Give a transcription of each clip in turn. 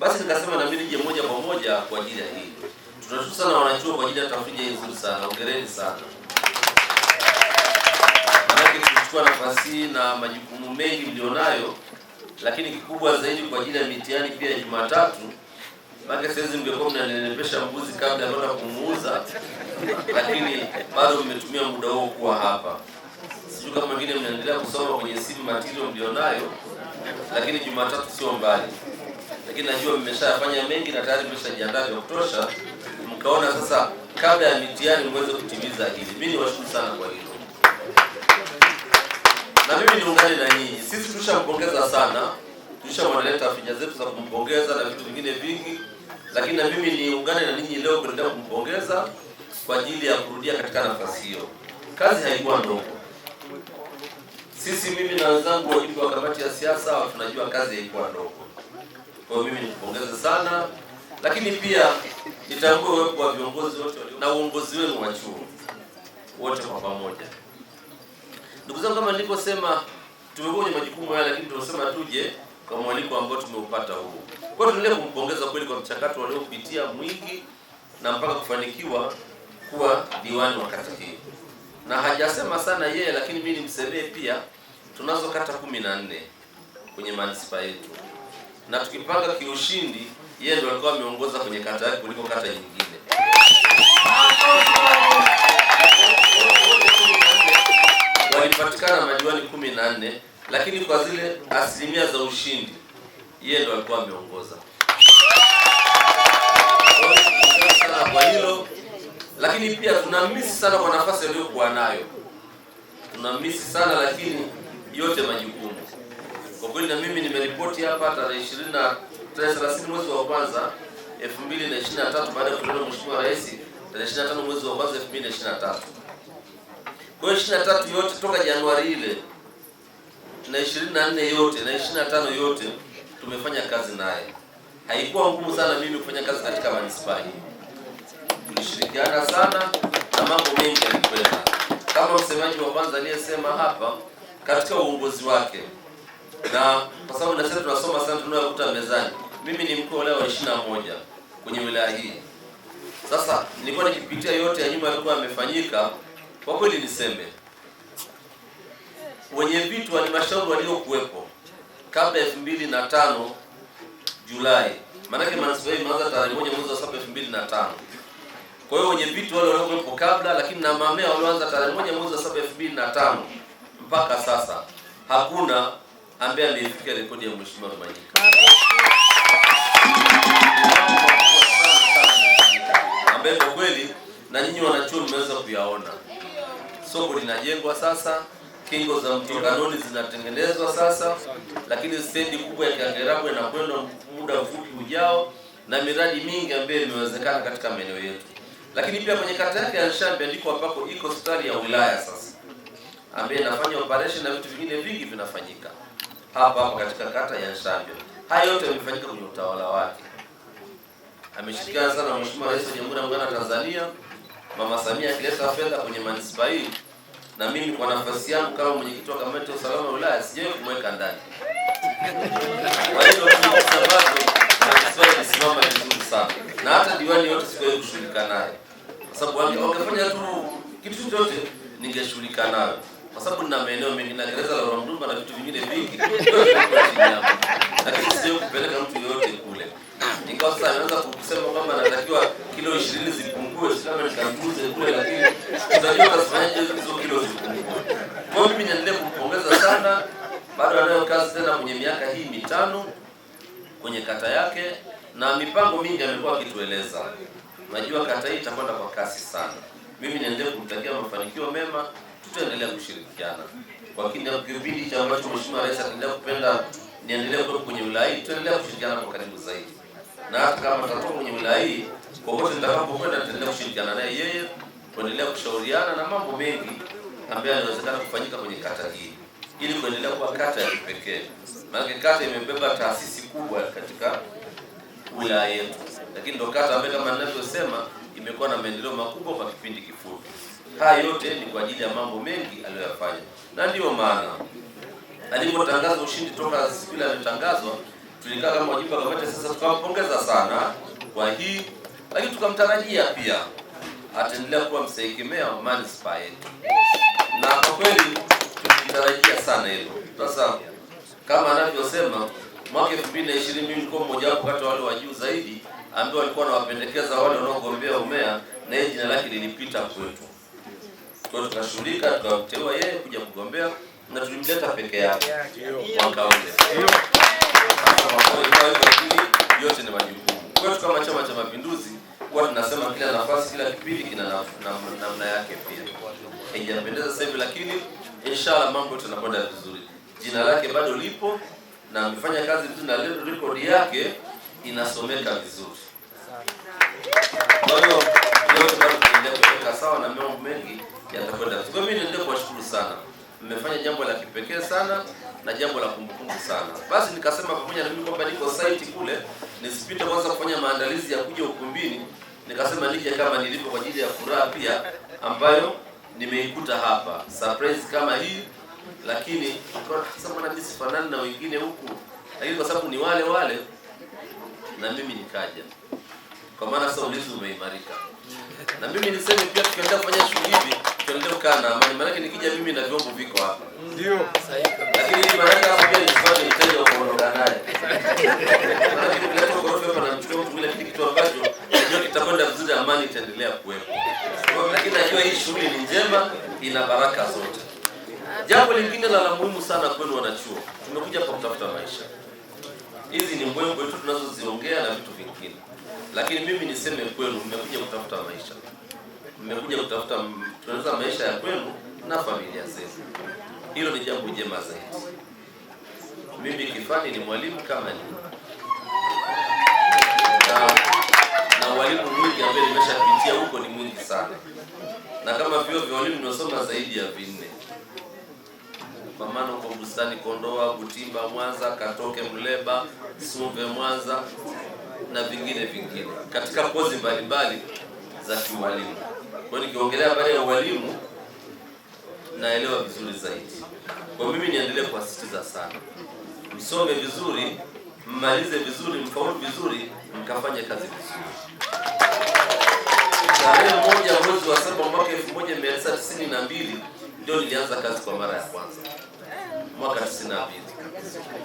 Basi nikasema mimi nije moja kwa moja kwa ajili ya hii. Tunashukuru sana wanachuo kwa ajili ya tafrija hii nzuri sana, hongereni sana. Maanake tulichukua nafasi na majukumu mengi mlionayo, lakini kikubwa zaidi kwa ajili ya mitihani pia ya Jumatatu maana saizi mngekuwa mnanenepesha mbuzi kabla ya kwenda kumuuza, lakini bado mmetumia muda huo kuwa hapa. Sijui kama wengine mnaendelea kusoma kwenye simu matizo mlionayo, lakini Jumatatu sio mbali lakini najua mmeshafanya mengi na tayari mmeshajiandaa vya kutosha, mkaona sasa kabla ya mitihani mweze kutimiza hili. Mimi niwashukuru sana kwa hilo, na mimi niungane na nyinyi. Sisi tushampongeza sana, tushamwanaleta finya zetu za kumpongeza na vitu vingine vingi, lakini na mimi niungane na ninyi leo kuendelea kumpongeza kwa ajili ya kurudia katika nafasi hiyo. Kazi haikuwa ndogo. Sisi mimi na wenzangu wajumbe wa kamati ya siasa tunajua kazi haikuwa ndogo. Kwa hiyo mimi nikupongeza sana, lakini pia nitambue uwepo wa viongozi wote na uongozi wenu wa chuo wote kwa pamoja. Ndugu zangu, kama nilivyosema, tumekuwa kwenye majukumu haya, lakini tunasema tuje kwa mwaliko ambao tumeupata huu. Kwa hiyo tuendelee kumpongeza kweli kwa mchakato waliopitia mwingi na mpaka kufanikiwa kuwa diwani wa kata hii, na hajasema sana yeye, lakini mimi nimsemee pia, tunazo kata kumi na nne kwenye manispaa yetu na tukipanga kiushindi, yeye ndio alikuwa ameongoza kwenye kata yake kuliko kata nyingine. Walipatikana madiwani kumi na nne, lakini kwa zile asilimia za ushindi, yeye ndio alikuwa ameongoza kwa hilo, lakini pia tuna misi sana kwa nafasi aliyokuwa nayo, tuna misi sana lakini yote majukumu kwa kweli na mimi nimeripoti hapa tarehe 20 30 mwezi wa kwanza 2023 baada ya kutolewa Mheshimiwa Rais tarehe 25 mwezi wa kwanza 2023. Kwa hiyo 23 yote toka Januari ile na 24 yote na 25 yote tumefanya kazi naye. Haikuwa ngumu sana mimi kufanya kazi katika manispaa hii. Tulishirikiana sana na mambo mengi yalikwenda. Kama msemaji wa kwanza aliyesema hapa katika uongozi wake na kwa sababu na sasa tunasoma sana tunayokuta mezani. Mimi ni mkuu leo wa ishirini na moja kwenye wilaya hii. Sasa nilikuwa nikipitia yote ya nyuma yalikuwa yamefanyika, kwa kweli niseme wenye vitu wa halmashauri waliokuwepo kabla elfu mbili na tano Julai, maanake manispaa hii imeanza tarehe moja mwezi wa saba elfu mbili na tano kwa hiyo wenye vitu wale waliokuwepo kabla, lakini na mamea walioanza tarehe moja mwezi wa saba elfu mbili na tano mpaka sasa hakuna ambaye ameifikia rekodi ya mheshimiwa Rumanyika ambaye kwa kweli na nyinyi wanachuo mmeweza kuyaona. Soko linajengwa sasa, kingo za mto Kanoni zinatengenezwa sasa, lakini stendi kubwa ya Kagerabu inakwenda muda mfupi ujao, na miradi mingi ambayo imewezekana katika maeneo yetu. Lakini pia kwenye kata yake ya Nshambi ndiko ambako iko hospitali ya wilaya sasa, ambaye inafanya operation na vitu vingine vingi vinafanyika hapa hapa katika kata ya Nshambe. Hayo yote yamefanyika kwenye utawala wake. Ameshirikiana sana Mheshimiwa Rais wa Jamhuri ya Muungano wa Tanzania Mama Samia akileta fedha kwenye manispaa hii, na mimi kwa nafasi yangu kama mwenyekiti wa kamati ya usalama wa wilaya sijawahi kumweka ndani. Kwa hiyo sababu manispaa ilisimama vizuri sana, na hata diwani yote sikuwahi kushughulika naye, kwa sababu wangefanya tu kitu chochote ningeshughulika nayo kwa sababu nina maeneo mengi na gereza la Mdumba na vitu vingine vingi, lakini sio kupeleka mtu yoyote kule. Nikawa sasa anaanza kusema kwamba natakiwa kilo 20 zipungue, sikama nikapunguze kule, lakini tutajua tutafanyaje hizo kilo zipungue. Kwa mimi niendelee kumpongeza sana, bado anayo kazi tena kwenye miaka hii mitano kwenye kata yake, na mipango mingi amekuwa akitueleza. Najua kata hii itakwenda kwa kasi sana. Mimi niendelee kumtakia mafanikio mema tutaendelea kushirikiana kwa kile kipindi cha ambacho mheshimiwa rais ataendelea kupenda niendelee kutoka kwenye wilaya hii, tutaendelea kushirikiana kwa karibu zaidi, na hata kama atatoka kwenye wilaya hii, kokote nitakapokwenda nitaendelea kushirikiana naye yeye, kuendelea kushauriana na mambo mengi ambayo yanawezekana kufanyika kwenye kata hii ili kuendelea kuwa kata ya kipekee. maanake kata imebeba taasisi kubwa katika wilaya yetu, lakini ndo kata ambayo kama ninavyosema imekuwa na maendeleo makubwa kwa kipindi kifupi. Haya yote ni kwa ajili ya mambo mengi aliyoyafanya, na ndiyo maana alipotangaza ushindi toka siku ile aliyotangazwa, tulikaa kama wajumbe wa kamati sasa, tukampongeza sana kwa hii, lakini tukamtarajia pia ataendelea kuwa msaikimea wa manispaa yetu, na kwa kweli tulitarajia sana hilo. Sasa kama anavyosema mwaka ishirini mimi nilikuwa mmoja wapo kati wale wa juu zaidi ambao walikuwa wanawapendekeza wale wanaogombea umea, na hii jina lake lilipita kwetu kwa hiyo tunashughulika tukamteua yeye kuja kugombea na tulimleta peke yake mwaka ule. Yote ni majukumu. Kwa hiyo kama Chama cha Mapinduzi huwa tunasema kila nafasi, kila kipindi kina namna yake, pia haijapendeza sasa hivi, lakini inshallah mambo tunakwenda vizuri. Jina lake bado lipo na amefanya kazi vizuri, na leo rekodi yake inasomeka vizuri. Kwa hiyo leo tunaendelea kuweka sawa na mambo mengi yatakwenda Kwa hiyo mimi niendelee kuwashukuru sana, mmefanya jambo la kipekee sana na jambo la kumbukumbu sana. Basi nikasema pamoja na mimi kwamba niko site kule, nisipite kwanza kufanya maandalizi ya kuja ukumbini, nikasema nije kama nilipo kwa ajili ya furaha pia ambayo nimeikuta hapa, surprise kama hii. Lakini na sisi fanani na wengine huku, lakini kwa sababu ni wale wale na mimi nikaja, kwa maana sasa ulinzi umeimarika. Na mimi niseme pia, tukiendelea kufanya shughuli hivi tuendelee kukaa na amani, maanake nikija mimi na vyombo viko hapa, ndio lakini hii maanake hapo pia swali mteja wa kuondoka naye, lakini kuleta kwa hapa na mchukua mtu kile kitu ambacho najua kitakwenda vizuri, amani itaendelea kuwepo, Kwa lakini najua hii shughuli ni njema, ina baraka zote. Jambo lingine la la muhimu sana kwenu wanachuo, tumekuja kwa kutafuta maisha. Hizi ni mbwembwe tu tunazoziongea na vitu vingine, lakini mimi niseme kwenu, mmekuja kutafuta maisha mmekuja kutafuta tunaweza maisha ya kwenu na familia zetu. Hilo ni jambo jema zaidi. Mimi Kifani ni mwalimu kama ni na, na walimu mwingi ambaye nimeshapitia huko ni mwingi sana, na kama vio vya walimu nimesoma zaidi ya vinne kwa maana uko Bustani Kondoa, Butimba Mwanza, Katoke Mleba, Sumve Mwanza na vingine vingine katika kozi mbalimbali za kiualimu. Kwa nikiongelea habari ya ualimu naelewa vizuri zaidi. Kwa mimi niendelee kuwasisitiza sana, msome vizuri, mmalize vizuri, mfaulu vizuri, mkafanye kazi vizuri. Tarehe moja mwezi wa saba mwaka 1992 ndio nilianza kazi kwa mara ya kwanza mwaka 92,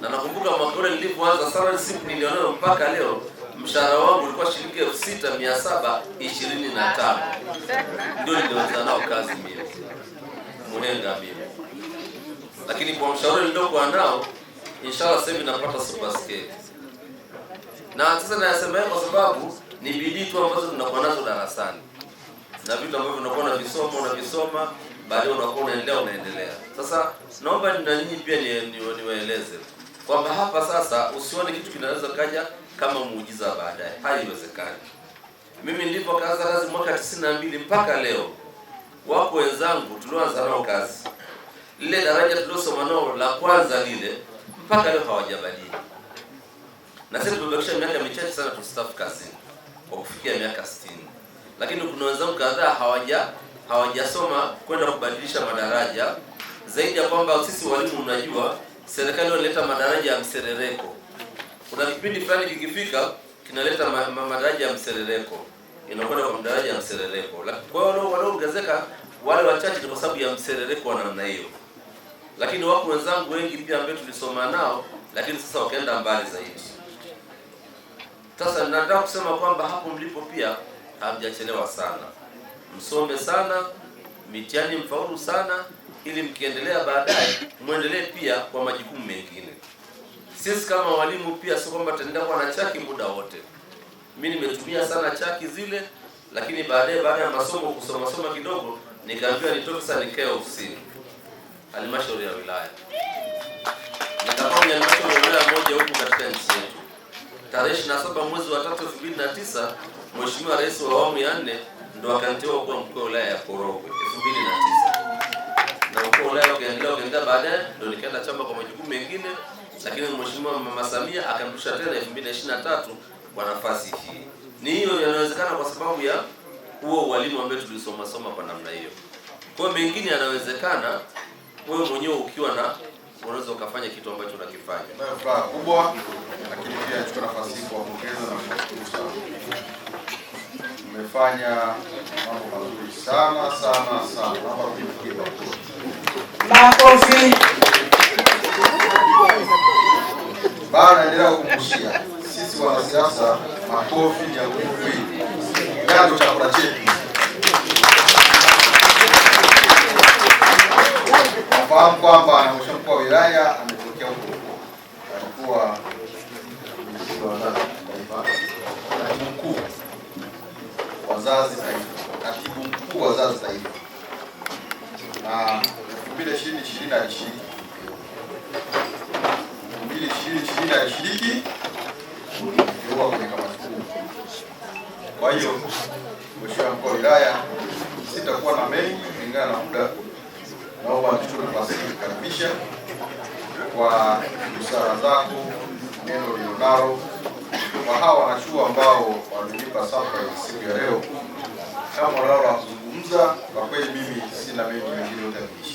na nakumbuka mwaka ule nilipoanza sana slip nilionayo mpaka leo mshahara wangu ulikuwa shilingi elfu sita mia saba ishirini na tano ndio nilianza nao kazi mimi Muhenga mimi, lakini kwa mshahara niliokuwa nao inshallah sasa hivi napata super skate. Na sasa nayasema kwa sababu ni bidii tu ambazo tunakuwa nazo darasani na vitu ambavyo unakuwa na visoma baadaye unakuwa unaendelea unaendelea. Sasa naomba na nyinyi pia niwaeleze ni, ni kwamba hapa sasa usione kitu kinaweza kaja kama muujiza baadaye baadaye, haiwezekani. Mimi nilipokaanza kazi mwaka mbili mpaka leo, wako wenzangu tulioanza nao kazi, lile daraja tuliosoma nao la kwanza lile, mpaka leo hawajabadili, na sisi tumebakisha miaka michache sana tustaafu kazini kwa kufikia miaka 60, lakini kuna wenzangu kadhaa hawaja hawajasoma kwenda kubadilisha madaraja, zaidi ya kwamba sisi walimu, unajua serikali wanaleta madaraja ya mserereko kuna kipindi fulani kikifika kinaleta ma, ma, madaraja ya mserereko inakwenda kwa madaraja ya mserereko Kwa hiyo wanaongezeka wale wachache kwa sababu ya mserereko wa namna hiyo, lakini wako wenzangu wengi pia ambao tulisoma nao, lakini sasa wakaenda mbali zaidi. Sasa nataka kusema kwamba hapo mlipo pia hamjachelewa sana, msome sana, mitihani mfaulu sana, ili mkiendelea baadaye mwendelee pia kwa majukumu mengine. Sisi kama walimu pia sio kwamba tutaenda kuwa na chaki muda wote. Mimi nimetumia sana chaki zile, lakini baadaye baada ya masomo kusoma soma kidogo nikaambiwa nitoke sasa nikae ofisini halmashauri ya wilaya. Nikafanya halmashauri ya wilaya moja huku katika nchi yetu. Tarehe 27 mwezi wa 3 2009 Mheshimiwa Rais wa awamu ya 4 ndo akaniteua kuwa mkuu wa wilaya ya Korogwe 2009 na mkuu wa wilaya ukaendelea ukaendelea, baadaye ndo nikaenda chama kwa majukumu mengine lakini mheshimiwa mama Samia akamrusha tena 2023 kwa nafasi hii. Ni hiyo yanawezekana kwa sababu ya huo ualimu ambao tulisoma soma kwa namna hiyo. Kwa mengine yanawezekana wewe mwenyewe ukiwa na unaweza ukafanya kitu ambacho unakifanya. Ndio kubwa, lakini pia chukua nafasi hii kuwapongeza na kuwashukuru sana. Mmefanya mambo mazuri sana sana sana. Naomba mpigie makofi. Bana naendelea kukumbushia sisi wanasiasa, makofi ya Jamhuri kigango yaani cha kura chetu. Nafahamu kwamba na mheshimiwa mkuu wa wilaya ametokea huko huko, alikuwa mkuu wazazi Mheshimiwa mkuu wa wilaya, sitakuwa na mengi kulingana na muda. Naomba nichukue nafasi hii kukaribisha kwa busara zako, neno lilonalo kwa hawa wanachuo ambao wamenipa surprise siku ya leo, kama lao la kuzungumza. Kwa kweli mimi sina mengi mengine yote